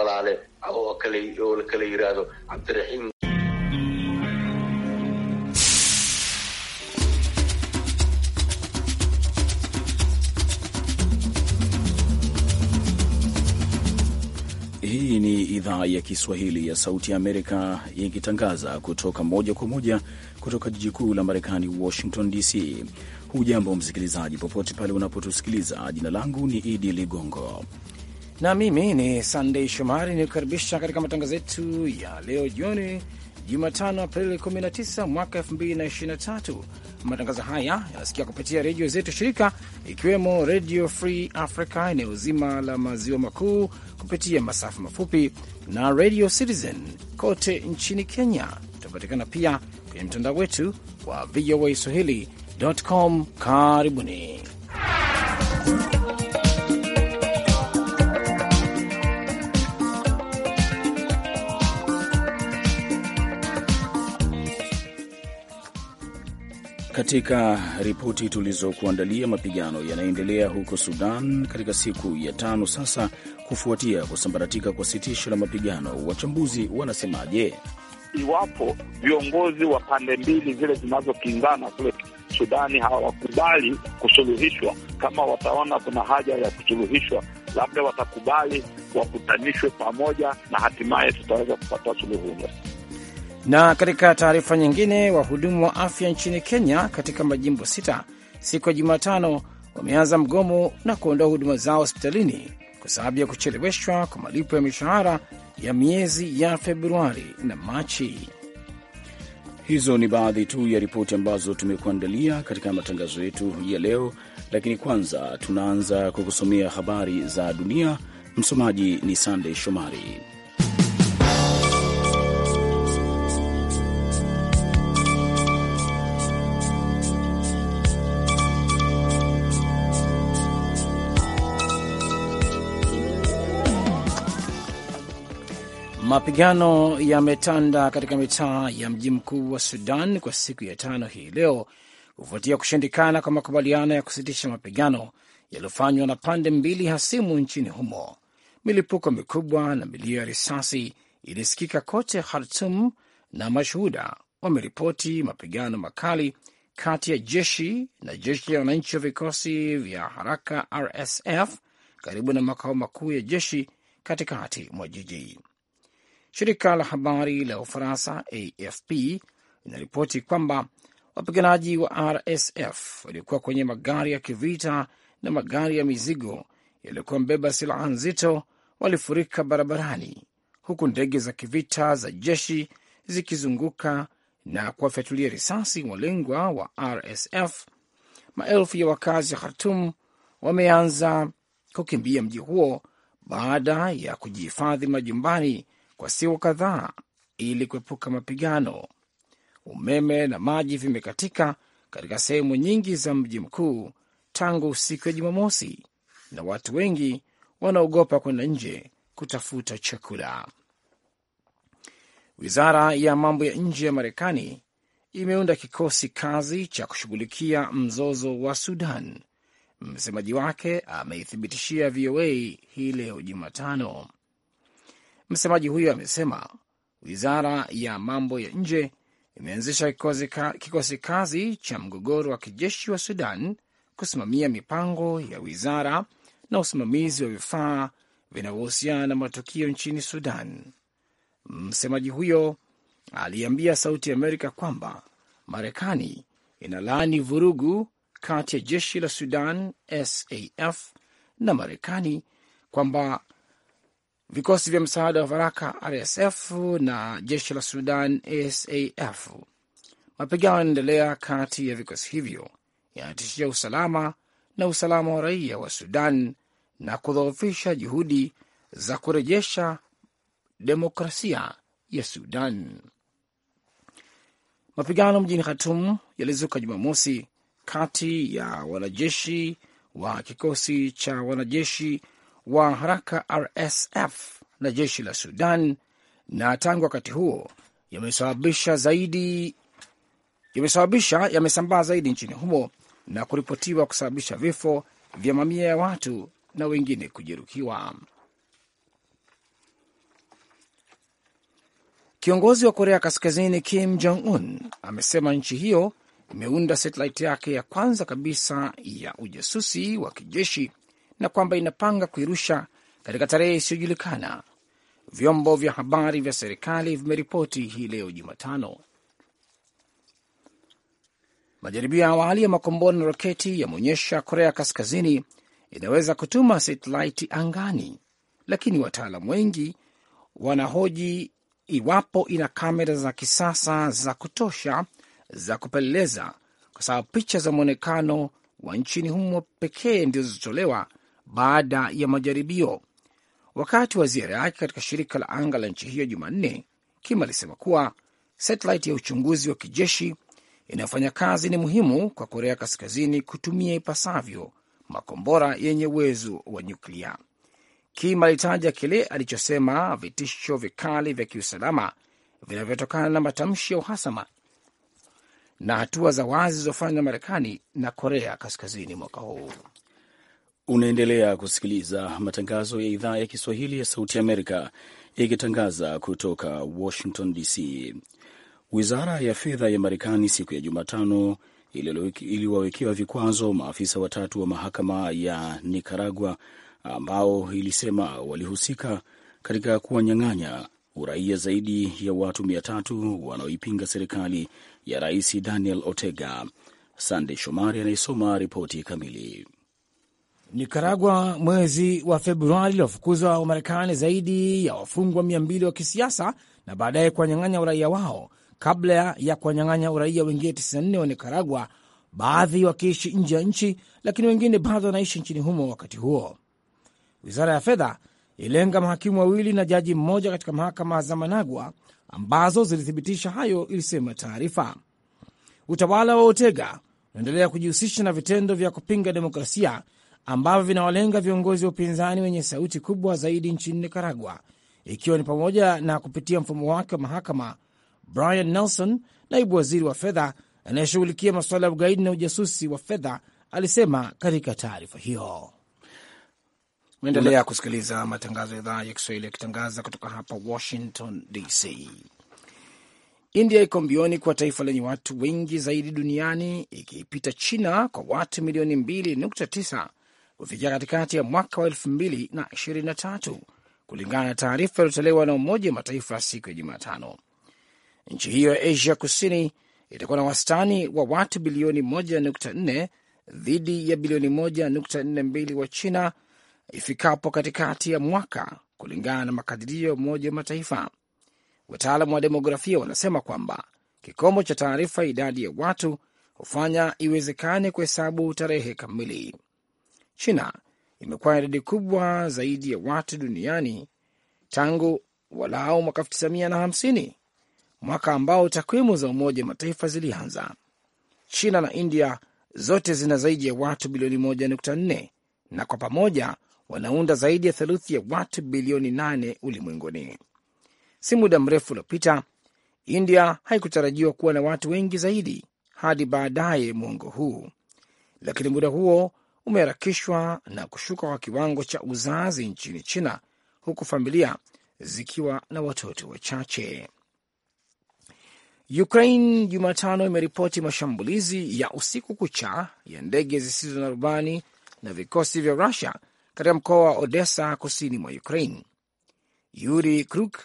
walaale oo la kala yiraahdo Cabdiraxiim. Hii ni idhaa ya Kiswahili ya Sauti ya Amerika ikitangaza kutoka moja kwa moja kutoka jiji kuu la Marekani, Washington DC. Hujambo msikilizaji, popote pale unapotusikiliza. Jina langu ni Idi Ligongo na mimi ni Sandei Shomari nikukaribisha katika matangazo yetu ya leo jioni, Jumatano Aprili 19 mwaka 2023. Matangazo haya yanasikia kupitia redio zetu shirika, ikiwemo Redio Free Africa eneo zima la maziwa makuu kupitia masafa mafupi na Radio Citizen kote nchini Kenya. Tunapatikana pia kwenye mtandao wetu wa VOA Swahili.com. Karibuni. Katika ripoti tulizokuandalia, mapigano yanaendelea huko Sudan katika siku ya tano sasa kufuatia kusambaratika kwa sitisho la mapigano. Wachambuzi wanasemaje? Iwapo viongozi wa pande mbili zile zinazokinzana kule Sudani hawakubali kusuluhishwa, kama wataona kuna haja ya kusuluhishwa, labda watakubali wakutanishwe pamoja, na hatimaye tutaweza kupata suluhu. Na katika taarifa nyingine, wahudumu wa afya nchini Kenya katika majimbo sita siku ya Jumatano wameanza mgomo na kuondoa huduma zao hospitalini kwa sababu ya kucheleweshwa kwa malipo ya mishahara ya miezi ya Februari na Machi. Hizo ni baadhi tu ya ripoti ambazo tumekuandalia katika matangazo yetu ya leo, lakini kwanza tunaanza kwa kusomea habari za dunia. Msomaji ni Sandey Shomari. Mapigano yametanda katika mitaa ya mji mkuu wa Sudan kwa siku ya tano hii leo kufuatia kushindikana kwa makubaliano ya kusitisha mapigano yaliyofanywa na pande mbili hasimu nchini humo. Milipuko mikubwa na milio ya risasi ilisikika kote Khartum na mashuhuda wameripoti mapigano makali kati ya jeshi na jeshi la wananchi wa vikosi vya haraka RSF karibu na makao makuu ya jeshi katikati mwa jiji. Shirika la habari la Ufaransa AFP linaripoti kwamba wapiganaji wa RSF waliokuwa kwenye magari ya kivita na magari ya mizigo yaliyokuwa mbeba silaha nzito walifurika barabarani, huku ndege za kivita za jeshi zikizunguka na kuwafyatulia risasi walengwa wa RSF. Maelfu ya wakazi wa Khartum wameanza kukimbia mji huo baada ya kujihifadhi majumbani kwa siku kadhaa ili kuepuka mapigano. Umeme na maji vimekatika katika sehemu nyingi za mji mkuu tangu siku ya Jumamosi, na watu wengi wanaogopa kwenda nje kutafuta chakula. Wizara ya mambo ya nje ya Marekani imeunda kikosi kazi cha kushughulikia mzozo wa Sudan. Msemaji wake ameithibitishia VOA hii leo Jumatano. Msemaji huyo amesema wizara ya mambo ya nje imeanzisha kikosi kazi cha mgogoro wa kijeshi wa Sudan kusimamia mipango ya wizara na usimamizi wa vifaa vinavyohusiana na matukio nchini Sudan. Msemaji huyo aliambia Sauti ya Amerika kwamba Marekani inalaani vurugu kati ya jeshi la Sudan SAF na Marekani kwamba Vikosi vya msaada wa haraka RSF na jeshi la Sudan SAF. Mapigano yanaendelea kati ya vikosi hivyo yanatishia usalama na usalama wa raia wa Sudan na kudhoofisha juhudi za kurejesha demokrasia ya Sudan. Mapigano mjini Khartoum yalizuka Jumamosi kati ya wanajeshi wa kikosi cha wanajeshi wa haraka RSF na jeshi la Sudan, na tangu wakati huo yamesababisha zaidi yamesababisha yamesambaa zaidi nchini humo na kuripotiwa kusababisha vifo vya mamia ya watu na wengine kujeruhiwa. Kiongozi wa Korea Kaskazini Kim Jong Un amesema nchi hiyo imeunda satelaiti yake ya kwanza kabisa ya ujasusi wa kijeshi na kwamba inapanga kuirusha katika tarehe isiyojulikana, vyombo vya habari vya serikali vimeripoti hii leo Jumatano. Majaribio ya awali ya makombora na roketi yameonyesha Korea Kaskazini inaweza kutuma satelaiti angani, lakini wataalam wengi wanahoji iwapo ina kamera za kisasa za kutosha za kupeleleza, kwa sababu picha za mwonekano wa nchini humo pekee ndizo zilizotolewa baada ya majaribio. Wakati wa ziara yake katika shirika la anga la nchi hiyo Jumanne, Kim alisema kuwa satelaiti ya uchunguzi wa kijeshi inayofanya kazi ni muhimu kwa Korea Kaskazini kutumia ipasavyo makombora yenye uwezo wa nyuklia. Kim alitaja kile alichosema vitisho vikali vya kiusalama vinavyotokana na matamshi ya uhasama na hatua za wazi zilizofanywa na Marekani na Korea Kaskazini mwaka huu. Unaendelea kusikiliza matangazo ya idhaa ya Kiswahili ya Sauti Amerika ikitangaza kutoka Washington DC. Wizara ya fedha ya Marekani siku ya Jumatano iliwawekewa vikwazo maafisa watatu wa mahakama ya Nikaragua ambao ilisema walihusika katika kuwanyang'anya uraia zaidi ya watu mia tatu wanaoipinga serikali ya Rais Daniel Ortega. Sande Shomari anayesoma ripoti kamili. Nikaragua mwezi wa Februari iliwafukuzwa Wamarekani zaidi ya wafungwa mia mbili wa kisiasa na baadaye kuwanyang'anya uraia wao kabla ya kuwanyang'anya uraia wengine 94 wa Nikaragua, baadhi wakiishi nje ya nchi, lakini wengine bado wanaishi nchini humo. Wakati huo wizara ya fedha ilenga mahakimu wawili na jaji mmoja katika mahakama za Managua ambazo zilithibitisha hayo, ilisema taarifa. Utawala wa Otega unaendelea kujihusisha na vitendo vya kupinga demokrasia ambavyo vinawalenga viongozi wa upinzani wenye sauti kubwa zaidi nchini Nicaragua, ikiwa ni pamoja na kupitia mfumo wake wa mahakama. Brian Nelson, naibu waziri wa fedha anayeshughulikia masuala ya ugaidi na ujasusi wa fedha, alisema katika taarifa hiyo. Unaendelea kusikiliza matangazo ya idhaa ya Kiswahili yakitangaza kutoka hapa Washington DC. India iko mbioni kuwa taifa lenye watu wengi zaidi duniani ikiipita China kwa watu milioni 2.9 kufikia katikati ya mwaka wa elfu mbili na ishirini na tatu kulingana na taarifa iliyotolewa na Umoja wa Mataifa siku ya Jumatano. Nchi hiyo ya Asia Kusini itakuwa na wastani wa watu bilioni 1.4 dhidi ya bilioni 1.42 wa China ifikapo katikati ya mwaka, kulingana na makadirio ya Umoja wa Mataifa. Wataalamu wa demografia wanasema kwamba kikomo cha taarifa idadi ya watu hufanya iwezekane kuhesabu tarehe kamili. China imekuwa na idadi kubwa zaidi ya watu duniani tangu walau mwaka 1950 mwaka ambao takwimu za Umoja Mataifa zilianza. China na India zote zina zaidi ya watu bilioni 1.4 na kwa pamoja wanaunda zaidi ya theluthi ya watu bilioni 8 ulimwenguni. Si muda mrefu uliopita, India haikutarajiwa kuwa na watu wengi zaidi hadi baadaye mwongo huu, lakini muda huo umeharakishwa na kushuka kwa kiwango cha uzazi nchini China, huku familia zikiwa na watoto wachache. Ukraine Jumatano imeripoti mashambulizi ya usiku kucha ya ndege zisizo na rubani na vikosi vya Rusia katika mkoa wa Odessa, kusini mwa Ukraine. Yuri Kruk,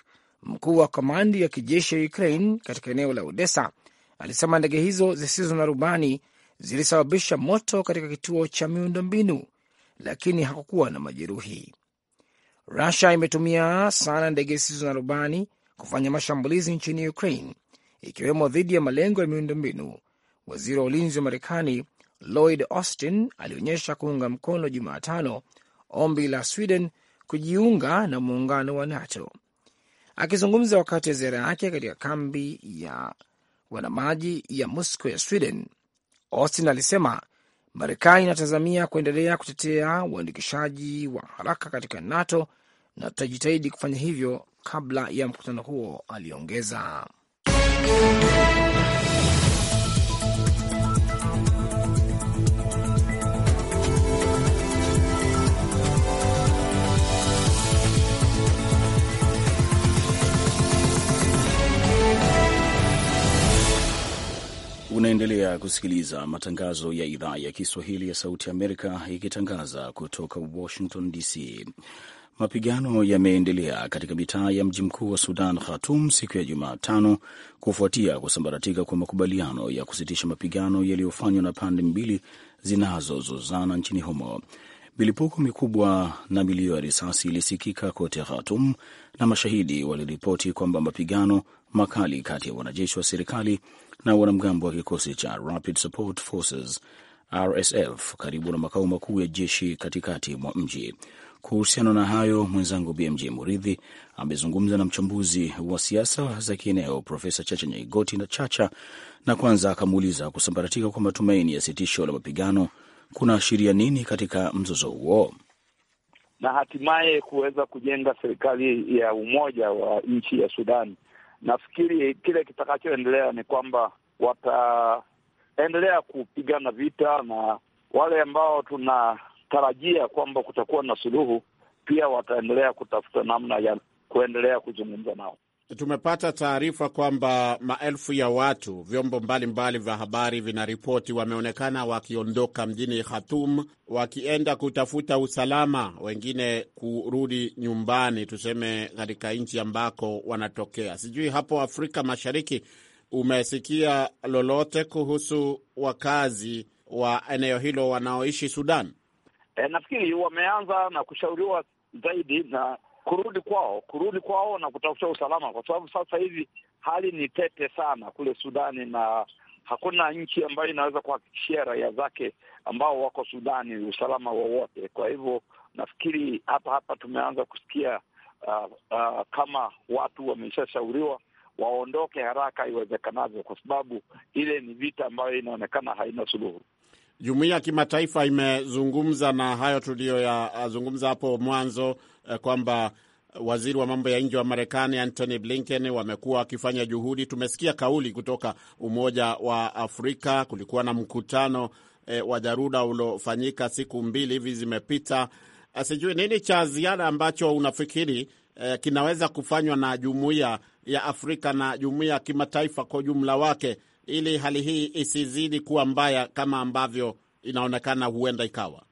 mkuu wa komandi ya kijeshi ya Ukraine katika eneo la Odessa, alisema ndege hizo zisizo na rubani zilisababisha moto katika kituo cha miundombinu, lakini hakukuwa na majeruhi. Rusia imetumia sana ndege zisizo na rubani kufanya mashambulizi nchini Ukraine, ikiwemo dhidi ya malengo ya miundombinu. Waziri wa ulinzi wa Marekani Lloyd Austin alionyesha kuunga mkono Jumatano ombi la Sweden kujiunga na muungano wa NATO. Akizungumza wakati wa ziara yake katika kambi ya wanamaji ya Moscow ya Sweden, Austin alisema Marekani inatazamia kuendelea kutetea uandikishaji wa haraka katika NATO na tutajitahidi kufanya hivyo kabla ya mkutano huo, aliongeza. Unaendelea kusikiliza matangazo ya idhaa ya Kiswahili ya Sauti Amerika ikitangaza kutoka Washington DC. Mapigano yameendelea katika mitaa ya mji mkuu wa Sudan, Khartoum, siku ya Jumatano kufuatia kusambaratika kwa makubaliano ya kusitisha mapigano yaliyofanywa na pande mbili zinazozozana nchini humo. Milipuko mikubwa na milio ya risasi ilisikika kote Khartoum na mashahidi waliripoti kwamba mapigano makali kati ya wanajeshi wa serikali na wanamgambo wa kikosi cha Rapid Support Forces RSF karibu na makao makuu ya jeshi katikati mwa mji. Kuhusiana na hayo, mwenzangu BMJ Muridhi amezungumza na mchambuzi wa siasa za kieneo Profesa Chacha Nyaigoti na Chacha, na kwanza akamuuliza kusambaratika kwa matumaini ya sitisho la mapigano kunaashiria nini katika mzozo huo na hatimaye kuweza kujenga serikali ya umoja wa nchi ya Sudani. Nafikiri kile kitakachoendelea ni kwamba wataendelea kupigana vita, na wale ambao tunatarajia kwamba kutakuwa na suluhu pia wataendelea kutafuta namna ya kuendelea kuzungumza nao tumepata taarifa kwamba maelfu ya watu, vyombo mbalimbali vya habari vinaripoti, wameonekana wakiondoka mjini Khartoum wakienda kutafuta usalama, wengine kurudi nyumbani, tuseme katika nchi ambako wanatokea. Sijui hapo Afrika Mashariki umesikia lolote kuhusu wakazi wa eneo hilo wanaoishi Sudan? E, nafikiri wameanza na kushauriwa zaidi na kurudi kwao, kurudi kwao na kutafuta usalama, kwa sababu sasa hivi hali ni tete sana kule Sudani na hakuna nchi ambayo inaweza kuhakikishia raia zake ambao wako Sudani usalama wowote. Kwa hivyo nafikiri hapa hapa tumeanza kusikia uh, uh, kama watu wameshashauriwa waondoke haraka iwezekanavyo, kwa sababu ile ni vita ambayo inaonekana haina suluhu. Jumuiya ya kimataifa imezungumza na hayo tuliyoyazungumza hapo mwanzo eh, kwamba waziri wa mambo ya nje wa Marekani Antony Blinken wamekuwa wakifanya juhudi. Tumesikia kauli kutoka Umoja wa Afrika, kulikuwa na mkutano eh, wa dharura uliofanyika siku mbili hivi zimepita. Ah, sijui nini cha ziada ambacho unafikiri eh, kinaweza kufanywa na jumuiya ya Afrika na jumuiya ya kimataifa kwa ujumla wake ili hali hii isizidi kuwa mbaya kama ambavyo inaonekana huenda ikawa?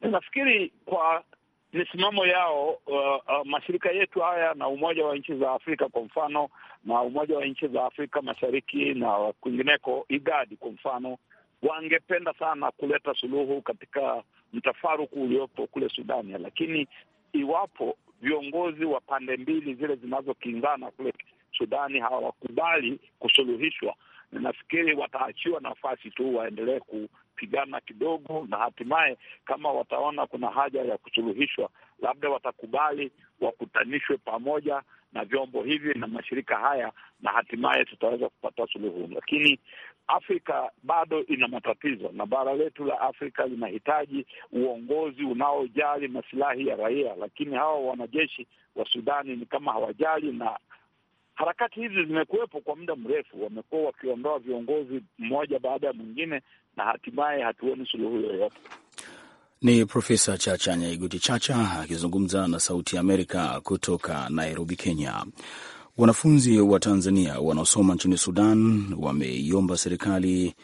Nafikiri kwa misimamo yao uh, uh, mashirika yetu haya na Umoja wa Nchi za Afrika kwa mfano na Umoja wa Nchi za Afrika Mashariki na kwingineko, IGADI kwa mfano, wangependa sana kuleta suluhu katika mtafaruku uliopo kule Sudani, lakini iwapo viongozi wa pande mbili zile zinazokinzana kule Sudani hawakubali kusuluhishwa, na nafikiri wataachiwa nafasi tu waendelee kupigana kidogo, na hatimaye kama wataona kuna haja ya kusuluhishwa, labda watakubali wakutanishwe pamoja na vyombo hivi na mashirika haya, na hatimaye tutaweza kupata suluhu. Lakini Afrika bado ina matatizo, na bara letu la Afrika linahitaji uongozi unaojali masilahi ya raia, lakini hawa wanajeshi wa Sudani ni kama hawajali na Harakati hizi zimekuwepo kwa muda mrefu, wamekuwa wakiondoa viongozi mmoja baada ya mwingine, na hatimaye hatuoni suluhu yoyote. Ni Profesa Chacha nyaiguti Chacha akizungumza na Sauti ya Amerika kutoka Nairobi, Kenya. Wanafunzi wa Tanzania wanaosoma nchini Sudan wameiomba serikali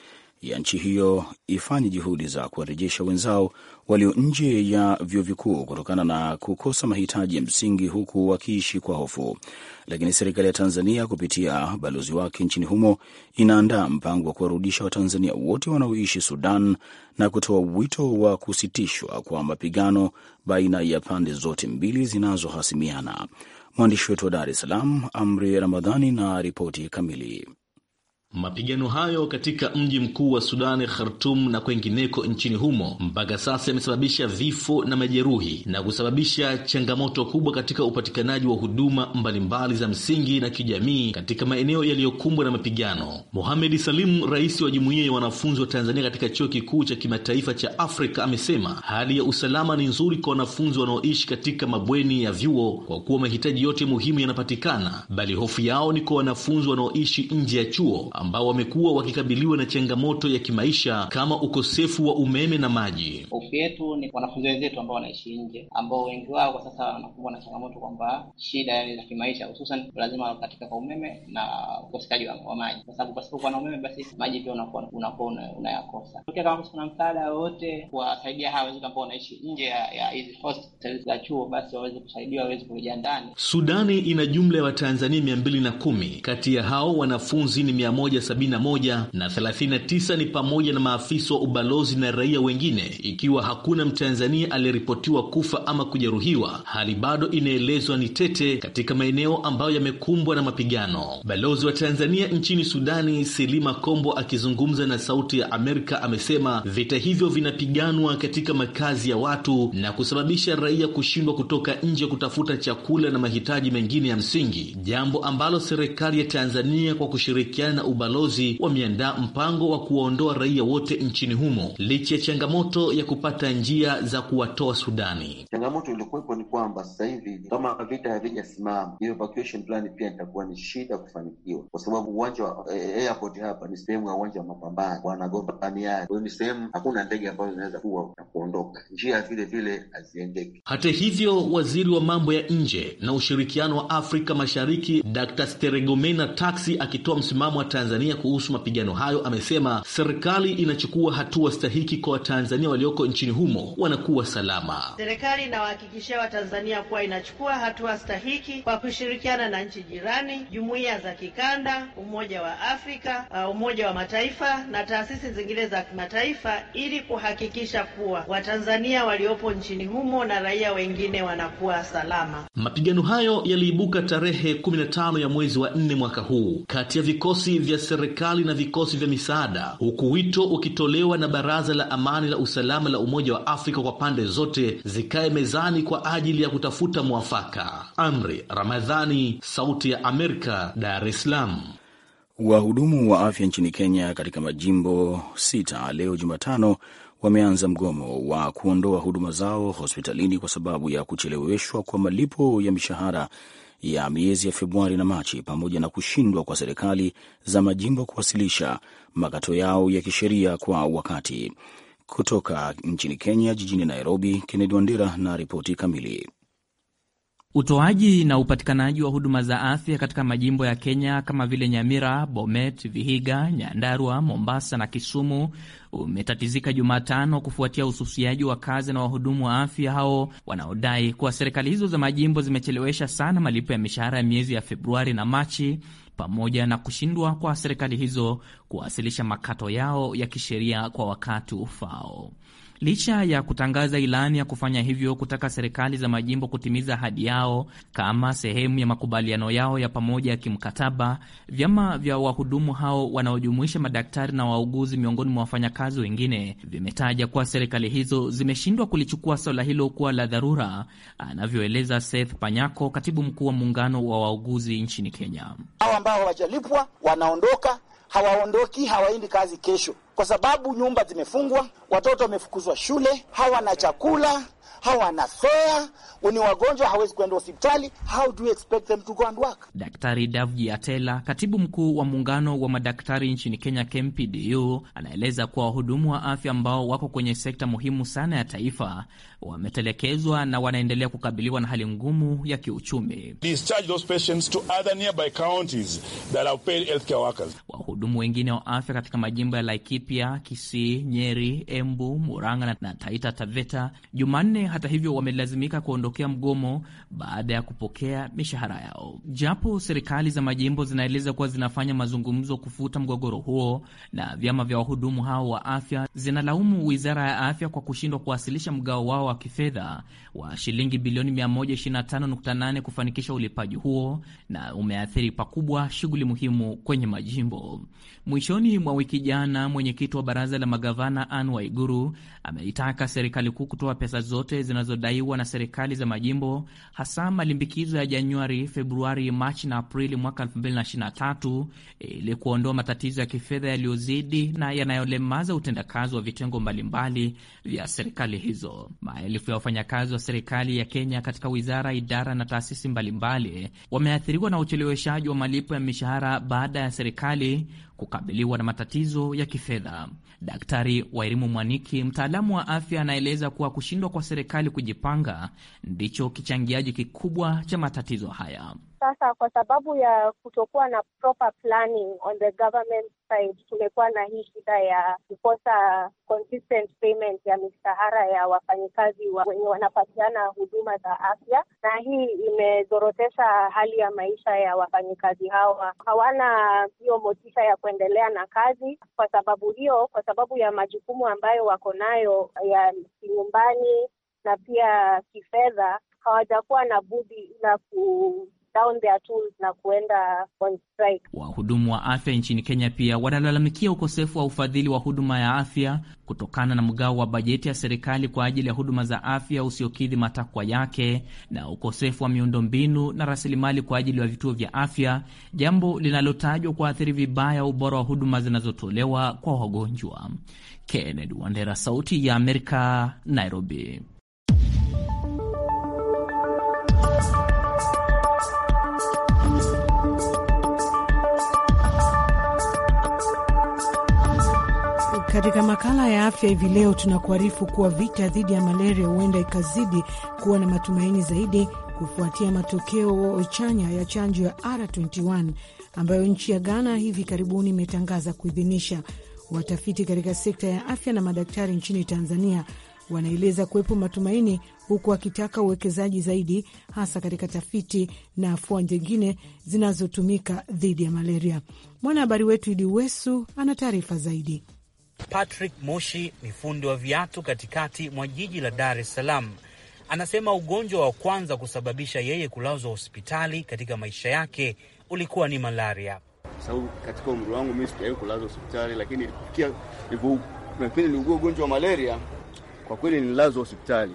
ya nchi hiyo ifanye juhudi za kuwarejesha wenzao walio nje ya vyuo vikuu kutokana na kukosa mahitaji ya msingi huku wakiishi kwa hofu. Lakini serikali ya Tanzania kupitia balozi wake nchini humo inaandaa mpango wa kuwarudisha Watanzania wote wanaoishi Sudan na kutoa wito wa kusitishwa kwa mapigano baina ya pande zote mbili zinazohasimiana. Mwandishi wetu wa Dar es Salaam, Amri Ramadhani, na ripoti kamili. Mapigano hayo katika mji mkuu wa Sudani, Khartum, na kwengineko nchini humo mpaka sasa yamesababisha vifo na majeruhi na kusababisha changamoto kubwa katika upatikanaji wa huduma mbalimbali mbali za msingi na kijamii katika maeneo yaliyokumbwa na mapigano. mohamedi salimu rais wa Jumuiya ya Wanafunzi wa Tanzania katika Chuo Kikuu cha Kimataifa cha Afrika, amesema hali ya usalama ni nzuri kwa wanafunzi wanaoishi katika mabweni ya vyuo kwa kuwa mahitaji yote muhimu yanapatikana, bali hofu yao ni kwa wanafunzi wanaoishi nje ya chuo ambao wamekuwa wakikabiliwa na changamoto ya kimaisha kama ukosefu wa umeme na maji. Hofu yetu ni wanafunzi wenzetu ambao wanaishi nje, ambao wengi wao kwa sasa wanakumbwa na changamoto kwamba shida yaani za kimaisha, hususan lazima katika kwa umeme na ukosekaji wa maji, kwa sababu pasipokuwa na umeme, basi maji pia unakuwa unakuwa unayakosa. Tokea kama kuna msaada wowote kuwasaidia hawa wenzetu ambao wanaishi nje ya hizi hostels za chuo, basi waweze kusaidiwa, waweze kurejea ndani. Sudani ina jumla ya Watanzania mia mbili na kumi, kati ya hao wanafunzi ni mia moja 171 na 39 ni pamoja na maafisa wa ubalozi na raia wengine, ikiwa hakuna Mtanzania aliyeripotiwa kufa ama kujeruhiwa. Hali bado inaelezwa ni tete katika maeneo ambayo yamekumbwa na mapigano. Balozi wa Tanzania nchini Sudani, silima Kombo, akizungumza na Sauti ya Amerika, amesema vita hivyo vinapiganwa katika makazi ya watu na kusababisha raia kushindwa kutoka nje kutafuta chakula na mahitaji mengine ya msingi, jambo ambalo serikali ya Tanzania kwa kushirikiana na ubalozi wameandaa mpango wa kuwaondoa raia wote nchini humo licha ya changamoto ya kupata njia za kuwatoa Sudani. Changamoto iliyokuwepo ni kwamba sasa hivi kama vita havijasimama, hiyo evacuation plan pia itakuwa ni shida kufanikiwa, kwa sababu uwanja wa e, airport hapa ni sehemu ya uwanja wa mapambano, wanagombaniana. Kwa hiyo ni sehemu hakuna ndege ambayo inaweza kuwa na kuondoka, njia vile vile haziendeki. Hata hivyo, waziri wa mambo ya nje na ushirikiano wa Afrika Mashariki Dr. steregomena Taxi akitoa msimamo wa Tanzania Tanzania kuhusu mapigano hayo, amesema serikali inachukua hatua stahiki kwa Watanzania walioko nchini humo wanakuwa salama. Serikali inawahakikishia Watanzania kuwa inachukua hatua stahiki kwa kushirikiana na nchi jirani, jumuiya za kikanda, Umoja wa Afrika, uh, Umoja wa Mataifa na taasisi zingine za kimataifa ili kuhakikisha kuwa Watanzania waliopo nchini humo na raia wengine wanakuwa salama. Mapigano hayo yaliibuka tarehe 15 ya mwezi wa 4 mwaka huu kati ya vikosi vya ya serikali na vikosi vya misaada, huku wito ukitolewa na Baraza la Amani la Usalama la Umoja wa Afrika kwa pande zote zikae mezani kwa ajili ya kutafuta mwafaka. Amri Ramadhani, Sauti ya Amerika, Dar es Salaam. Wahudumu wa afya nchini Kenya katika majimbo sita leo Jumatano wameanza mgomo wa kuondoa huduma zao hospitalini kwa sababu ya kucheleweshwa kwa malipo ya mishahara ya miezi ya Februari na Machi pamoja na kushindwa kwa serikali za majimbo kuwasilisha makato yao ya kisheria kwa wakati. Kutoka nchini Kenya, jijini Nairobi, Kennedy Wandera na ripoti kamili. Utoaji na upatikanaji wa huduma za afya katika majimbo ya Kenya kama vile Nyamira, Bomet, Vihiga, Nyandarua, Mombasa na Kisumu umetatizika Jumatano kufuatia ususiaji wa kazi na wahudumu wa afya hao wanaodai kuwa serikali hizo za majimbo zimechelewesha sana malipo ya mishahara ya miezi ya Februari na Machi pamoja na kushindwa kwa serikali hizo kuwasilisha makato yao ya kisheria kwa wakati ufao Licha ya kutangaza ilani ya kufanya hivyo, kutaka serikali za majimbo kutimiza ahadi yao kama sehemu ya makubaliano yao ya pamoja ya kimkataba, vyama vya wahudumu hao wanaojumuisha madaktari na wauguzi miongoni mwa wafanyakazi wengine vimetaja kuwa serikali hizo zimeshindwa kulichukua swala hilo kuwa la dharura, anavyoeleza Seth Panyako, katibu mkuu wa muungano wa wauguzi nchini Kenya. Hao ambao hawajalipwa wanaondoka hawaondoki, hawaendi kazi kesho, kwa sababu nyumba zimefungwa, watoto wamefukuzwa shule, hawana chakula hawana fare, ni wagonjwa, hawezi kuenda hospitali. How do you expect them to go and work? Daktari Davji Atela, katibu mkuu wa muungano wa madaktari nchini Kenya KMPDU, anaeleza kuwa wahudumu wa afya ambao wako kwenye sekta muhimu sana ya taifa wametelekezwa na wanaendelea kukabiliwa na hali ngumu ya kiuchumi. Wahudumu wengine wa afya katika majimbo ya Laikipia, Kisii, Nyeri, Embu, Murang'a na Taita Taveta Jumanne hata hivyo, wamelazimika kuondokea mgomo baada ya kupokea mishahara yao. Japo serikali za majimbo zinaeleza kuwa zinafanya mazungumzo kufuta mgogoro huo, na vyama vya wahudumu hao wa afya zinalaumu wizara ya afya kwa kushindwa kuwasilisha mgao wao wa kifedha wa shilingi bilioni 125.8 kufanikisha ulipaji huo, na umeathiri pakubwa shughuli muhimu kwenye majimbo. Mwishoni mwa wiki jana, mwenyekiti wa baraza la magavana Anne Waiguru ameitaka serikali kuu kutoa pesa zote zote zinazodaiwa na serikali za majimbo, hasa malimbikizo ya Januari, Februari, Machi na Aprili mwaka 2023 ili kuondoa matatizo ya kifedha yaliyozidi na yanayolemaza utendakazi wa vitengo mbalimbali vya serikali hizo. Maelfu ya wafanyakazi wa serikali ya Kenya katika wizara, idara na taasisi mbalimbali wameathiriwa na ucheleweshaji wa malipo ya mishahara baada ya serikali kukabiliwa na matatizo ya kifedha. Daktari Wairimu Mwaniki, mtaalamu wa afya, anaeleza kuwa kushindwa kwa serikali kujipanga ndicho kichangiaji kikubwa cha matatizo haya sasa kwa sababu ya kutokuwa na proper planning on the government side, tumekuwa na hii shida ya kukosa consistent payment ya mishahara ya wafanyikazi wa, wenye wanapatiana huduma za afya, na hii imezorotesha hali ya maisha ya wafanyikazi hawa. Hawana hiyo motisha ya kuendelea na kazi kwa sababu hiyo, kwa sababu ya majukumu ambayo wako nayo ya kinyumbani na pia kifedha hawajakuwa na budi la ku down their tools na kuenda on strike. Wahudumu wa afya nchini Kenya pia wanalalamikia ukosefu wa ufadhili wa huduma ya afya kutokana na mgao wa bajeti ya serikali kwa ajili ya huduma za afya usiokidhi matakwa yake na ukosefu wa miundombinu na rasilimali kwa ajili ya vituo vya afya, jambo linalotajwa kuathiri vibaya ubora wa huduma zinazotolewa kwa wagonjwa. Kennedy Wandera, Sauti ya Amerika, Nairobi. Katika makala ya afya hivi leo tunakuarifu kuwa vita dhidi ya malaria huenda ikazidi kuwa na matumaini zaidi kufuatia matokeo chanya ya chanjo ya R21 ambayo nchi ya Ghana hivi karibuni imetangaza kuidhinisha. Watafiti katika sekta ya afya na madaktari nchini Tanzania wanaeleza kuwepo matumaini, huku wakitaka uwekezaji zaidi, hasa katika tafiti na afua zingine zinazotumika dhidi ya malaria. Mwanahabari wetu Idi Wesu ana taarifa zaidi. Patrick Moshi ni fundi wa viatu katikati mwa jiji la Dar es Salaam. Anasema ugonjwa wa kwanza kusababisha yeye kulazwa hospitali katika maisha yake ulikuwa ni malaria. Sababu katika umri wangu mi sikuwahi kulazwa hospitali, lakini ilipofikia nilipopindi niliugua ugonjwa wa malaria, kwa kweli nililazwa hospitali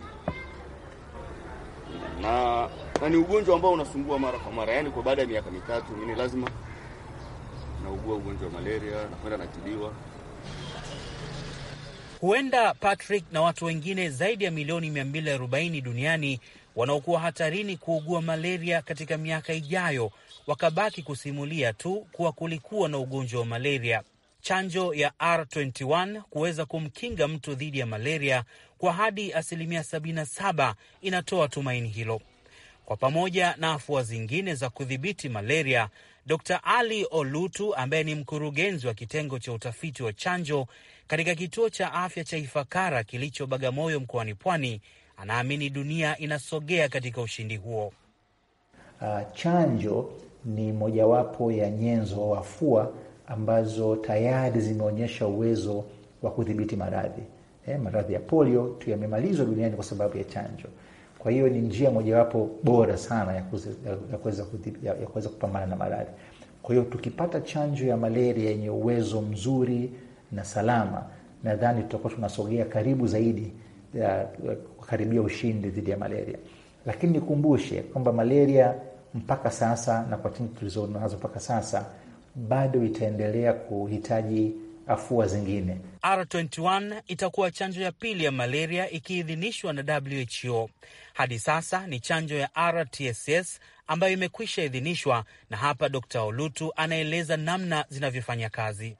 na, na ni ugonjwa ambao unasumbua mara kwa mara, yani kwa baada ya miaka mitatu mimi lazima naugua ugonjwa wa malaria nakwenda kwenda natibiwa Huenda Patrick na watu wengine zaidi ya milioni 240 duniani wanaokuwa hatarini kuugua malaria katika miaka ijayo wakabaki kusimulia tu kuwa kulikuwa na ugonjwa wa malaria. Chanjo ya R21 kuweza kumkinga mtu dhidi ya malaria kwa hadi asilimia 77 inatoa tumaini hilo kwa pamoja na afua zingine za kudhibiti malaria. Dr Ali Olutu ambaye ni mkurugenzi wa kitengo cha utafiti wa chanjo katika kituo cha afya cha Ifakara kilicho Bagamoyo mkoani Pwani anaamini dunia inasogea katika ushindi huo. Uh, chanjo ni mojawapo ya nyenzo wa afua ambazo tayari zimeonyesha uwezo wa kudhibiti maradhi eh, maradhi ya polio tu yamemalizwa duniani kwa sababu ya chanjo. Kwa hiyo ni njia mojawapo bora sana ya kuweza ya kuweza kupambana na malaria. Kwa hiyo tukipata chanjo ya malaria yenye uwezo mzuri na salama, nadhani tutakuwa tunasogea karibu zaidi ya kukaribia ushindi dhidi ya malaria. Lakini nikumbushe kwamba malaria mpaka sasa na kwa timu tulizonazo mpaka sasa bado itaendelea kuhitaji afua zingine. R21 itakuwa chanjo ya pili ya malaria ikiidhinishwa na WHO. Hadi sasa ni chanjo ya RTSS ambayo imekwisha idhinishwa, na hapa Dr. Olutu anaeleza namna zinavyofanya kazi.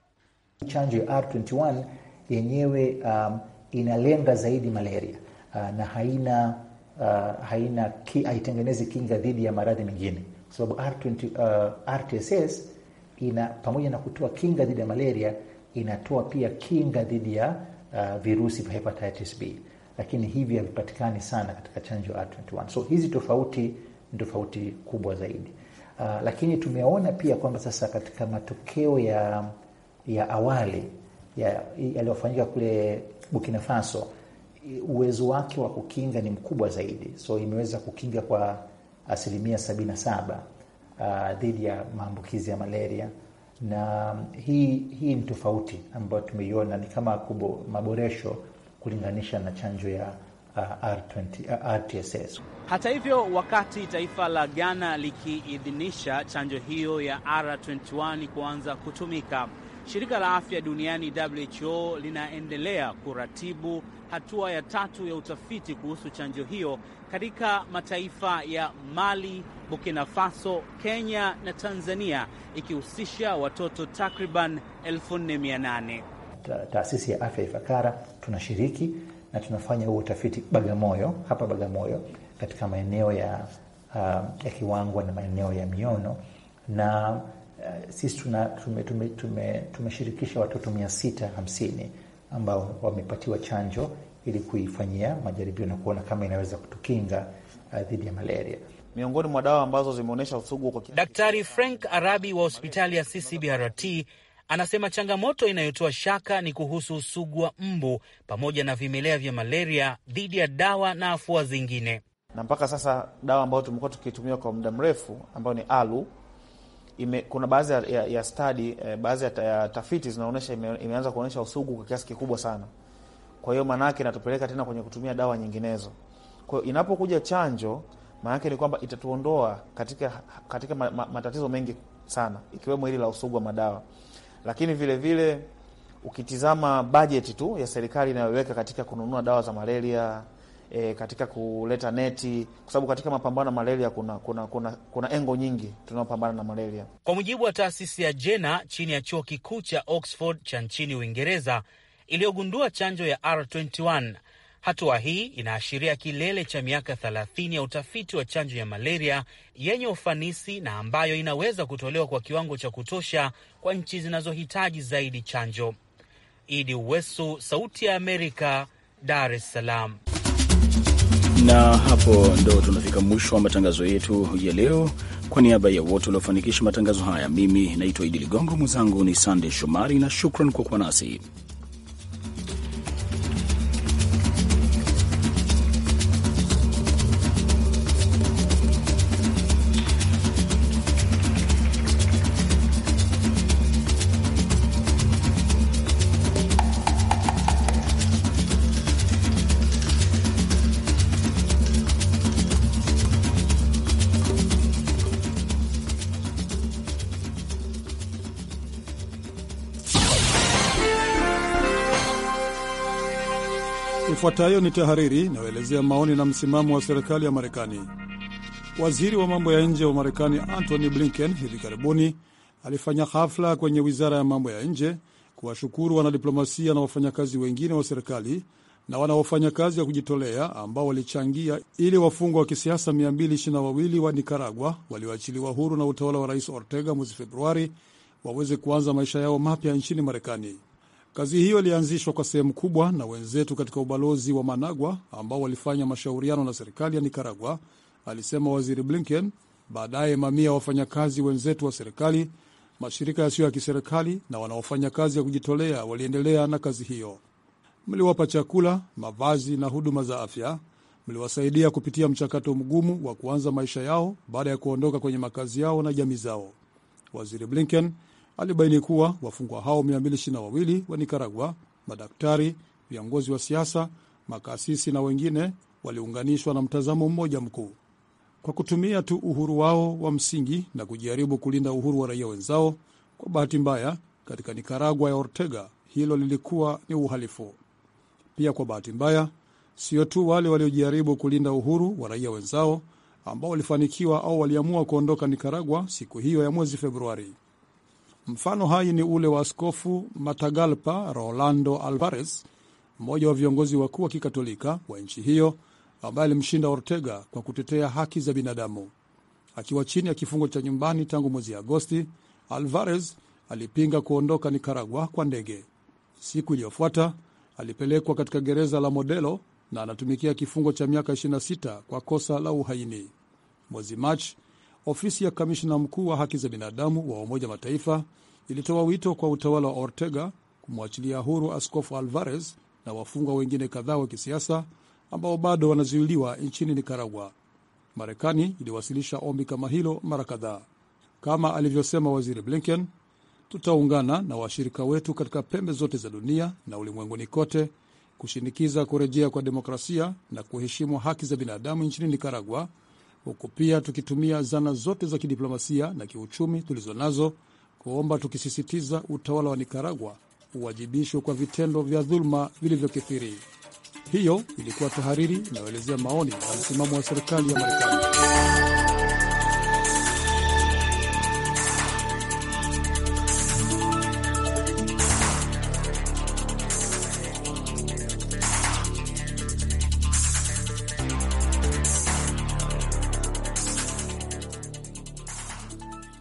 Chanjo ya R21 yenyewe um, inalenga zaidi malaria uh, na haina uh, haina ki, haitengenezi kinga dhidi ya maradhi mengine kwa sababu R20, uh, RTSS ina pamoja na kutoa kinga dhidi ya malaria inatoa pia kinga dhidi ya uh, virusi vya hepatitis B, lakini hivi havipatikani sana katika chanjo ya R21. So hizi tofauti ni tofauti kubwa zaidi. Uh, lakini tumeona pia kwamba sasa katika matokeo ya ya awali yaliyofanyika ya kule Burkina Faso uwezo wake wa kukinga ni mkubwa zaidi, so imeweza kukinga kwa asilimia 77 uh, dhidi uh, ya maambukizi ya malaria na um, hii hii ni tofauti ambayo tumeiona ni kama kubo, maboresho kulinganisha na chanjo ya R20, uh, RTSS. Uh, Hata hivyo, wakati taifa la Ghana likiidhinisha chanjo hiyo ya R21 kuanza kutumika Shirika la afya duniani WHO linaendelea kuratibu hatua ya tatu ya utafiti kuhusu chanjo hiyo katika mataifa ya Mali, Burkina Faso, Kenya na Tanzania, ikihusisha watoto takriban 48 Taasisi ya afya Ifakara tunashiriki na tunafanya huo utafiti Bagamoyo, hapa Bagamoyo, katika maeneo ya, uh, ya Kiwangwa na maeneo ya Miono na Eh, sisi sisi tumeshirikisha tume, tume, tume watoto mia sita hamsini ambao wamepatiwa chanjo ili kuifanyia majaribio na kuona kama inaweza kutukinga eh, dhidi ya malaria miongoni mwa dawa ambazo zimeonyesha usugu kwa Daktari Frank Arabi wa hospitali ya CCBRT anasema changamoto inayotoa shaka ni kuhusu usugu wa mbu pamoja na vimelea vya malaria dhidi ya dawa na afua zingine. Na mpaka sasa dawa ambayo tumekuwa tukitumia kwa muda mrefu ambayo ni alu ime, kuna baadhi ya, ya study eh, baadhi ya, ya tafiti zinaonyesha ime, imeanza kuonyesha usugu kwa kiasi kikubwa sana. Kwa hiyo maana yake inatupeleka tena kwenye kutumia dawa nyinginezo. Kwa hiyo inapokuja chanjo, maana yake ni kwamba itatuondoa katika, katika ma, ma, matatizo mengi sana ikiwemo hili la usugu wa madawa, lakini vile vile ukitizama bajeti tu ya serikali inayoweka katika kununua dawa za malaria e, katika kuleta neti, kwa sababu katika mapambano ya malaria kuna kuna kuna, kuna engo nyingi tunayopambana na malaria. Kwa mujibu wa taasisi ya Jena chini ya chuo kikuu cha Oxford cha nchini Uingereza iliyogundua chanjo ya R21, hatua hii inaashiria kilele cha miaka 30 ya utafiti wa chanjo ya malaria yenye ufanisi na ambayo inaweza kutolewa kwa kiwango cha kutosha kwa nchi zinazohitaji zaidi chanjo. Idi Uwesu, Sauti ya Amerika, Dar es Salaam. Na hapo ndo tunafika mwisho wa matangazo yetu ya leo. Kwa niaba ya wote waliofanikisha matangazo haya, mimi naitwa Idi Ligongo, mwenzangu ni Sandey Shomari, na shukran kwa kuwa nasi. Ifuatayo ni tahariri inayoelezea maoni na msimamo wa serikali ya Marekani. Waziri wa mambo ya nje wa Marekani Antony Blinken hivi karibuni alifanya hafla kwenye wizara ya mambo ya nje kuwashukuru wanadiplomasia na wafanyakazi wengine wa serikali na wanaofanya kazi ya kujitolea ambao walichangia ili wafungwa wa kisiasa 222 wa Nikaragua walioachiliwa huru na utawala wa Rais Ortega mwezi Februari waweze kuanza maisha yao mapya nchini Marekani. Kazi hiyo ilianzishwa kwa sehemu kubwa na wenzetu katika ubalozi wa Managua ambao walifanya mashauriano na serikali ya Nikaragua, alisema Waziri Blinken. Baadaye mamia ya wafanyakazi wenzetu wa serikali, mashirika yasiyo ya kiserikali na wanaofanya kazi ya kujitolea waliendelea na kazi hiyo. Mliwapa chakula, mavazi na huduma za afya. Mliwasaidia kupitia mchakato mgumu wa kuanza maisha yao baada ya kuondoka kwenye makazi yao na jamii zao. Waziri Blinken alibaini kuwa wafungwa hao 222 wa Nikaragua, madaktari, viongozi wa siasa, makasisi na wengine waliunganishwa na mtazamo mmoja mkuu. Kwa kutumia tu uhuru wao wa msingi na kujaribu kulinda uhuru wa raia wenzao. Kwa bahati mbaya, katika Nikaragua ya Ortega hilo lilikuwa ni uhalifu pia. Kwa bahati mbaya, sio tu wale waliojaribu kulinda uhuru wa raia wenzao ambao walifanikiwa au waliamua kuondoka Nikaragua siku hiyo ya mwezi Februari. Mfano hai ni ule wa Askofu Matagalpa Rolando Alvarez, mmoja wa viongozi wakuu wa kikatolika wa nchi hiyo ambaye alimshinda Ortega kwa kutetea haki za binadamu. Akiwa chini ya kifungo cha nyumbani tangu mwezi Agosti, Alvarez alipinga kuondoka Nikaragua kwa ndege. Siku iliyofuata alipelekwa katika gereza la Modelo na anatumikia kifungo cha miaka 26 kwa kosa la uhaini. Mwezi Machi, Ofisi ya kamishna mkuu wa haki za binadamu wa Umoja Mataifa ilitoa wito kwa utawala wa Ortega kumwachilia huru Askofu Alvarez na wafungwa wengine kadhaa wa kisiasa ambao bado wanazuiliwa nchini Nikaragua. Marekani iliwasilisha ombi kama hilo mara kadhaa. Kama alivyosema Waziri Blinken, tutaungana na washirika wetu katika pembe zote za dunia na ulimwenguni kote kushinikiza kurejea kwa demokrasia na kuheshimu haki za binadamu nchini Nikaragua huku pia tukitumia zana zote za kidiplomasia na kiuchumi tulizo nazo kuomba, tukisisitiza utawala wa Nikaragua uwajibishwe kwa vitendo vya dhuluma vilivyokithiri. Hiyo ilikuwa tahariri inayoelezea maoni na msimamo wa serikali ya Marekani.